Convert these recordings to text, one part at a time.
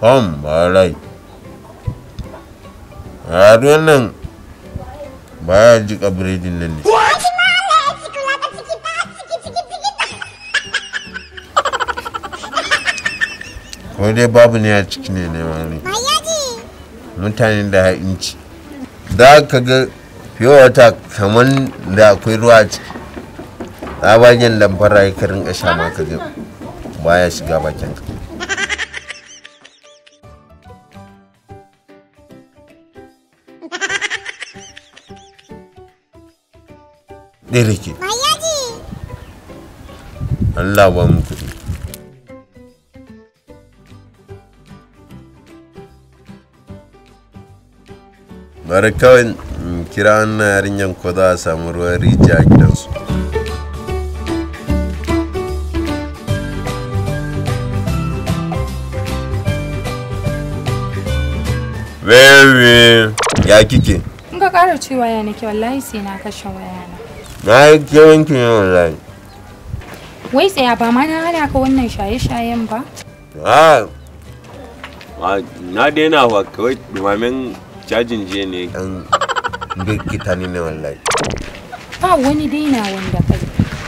hom barai a wannan ba ya jika biredin nan ne ko dai babu ne a ciki ne ne wani mutane da inci. za ka ga fiye wata kamar da akwai ruwa a ciki tsabagen lamfara ya karin ƙasha maka ba ya shiga bakin ɗaya da ke Allah ba mu kuɗi bari kawai kira wannan yarinyan ko za a samu ruwan rijiya a gidansu Baby, ya kike? In kara ƙara cewa ya nake wallahi sai na kashe wayana. na yi kewan ki ne wallahi wai tsaya ba ma na hana ka wannan shaye-shayen ba a ah. ah, na daina wa kawai dumamin cajin je ne an gita ne ne wallahi ba wani daina wanda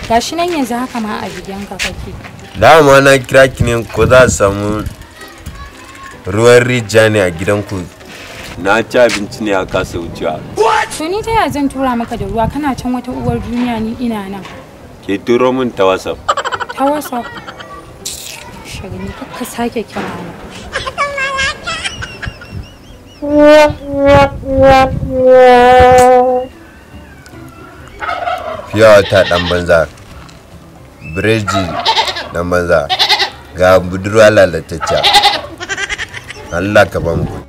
kai shi nan yanzu haka ma a gidanka kake dama na kira ki ne ko za a samu ruwan rijiya ne a gidanku na ci abinci ne a kasa wucewa To ni ta yaya zan tura maka da ruwa kana can wata uwar duniya ni ina nan. Ke turo min ta WhatsApp. Ta WhatsApp. Shagani ka sake kira ni. Fiya ta dan banza. Breji dan banza. Ga budurwa lalatacciya. Allah ka ba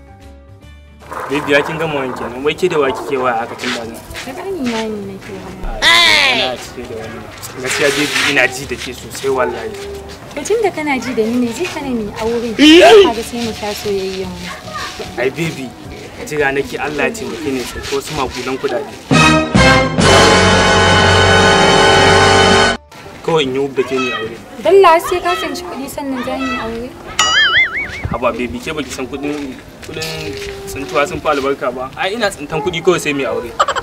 Bibiya kin gama wanke nan wai ke da waki ke waya aka ni da nan. Da ƙarni na ne na wannan. Ina cike da wannan. Gaskiya bibi ina ji da ke sosai wallahi. To tun da kana ji da ni ne zai kana ni aure. Ka ga sai mu sha soyayya mu. Ai bibi jira nake Allah ya taimake ni ko su da kudade. Kawai in yi wubda ke ni aure. Dalla sai ka tsinci kuɗi sannan za ni aure. haba baby ke baki san kudin kudin tsintuwa sun fa albarka ba ai ina tsintan kudi kawai sai mai aure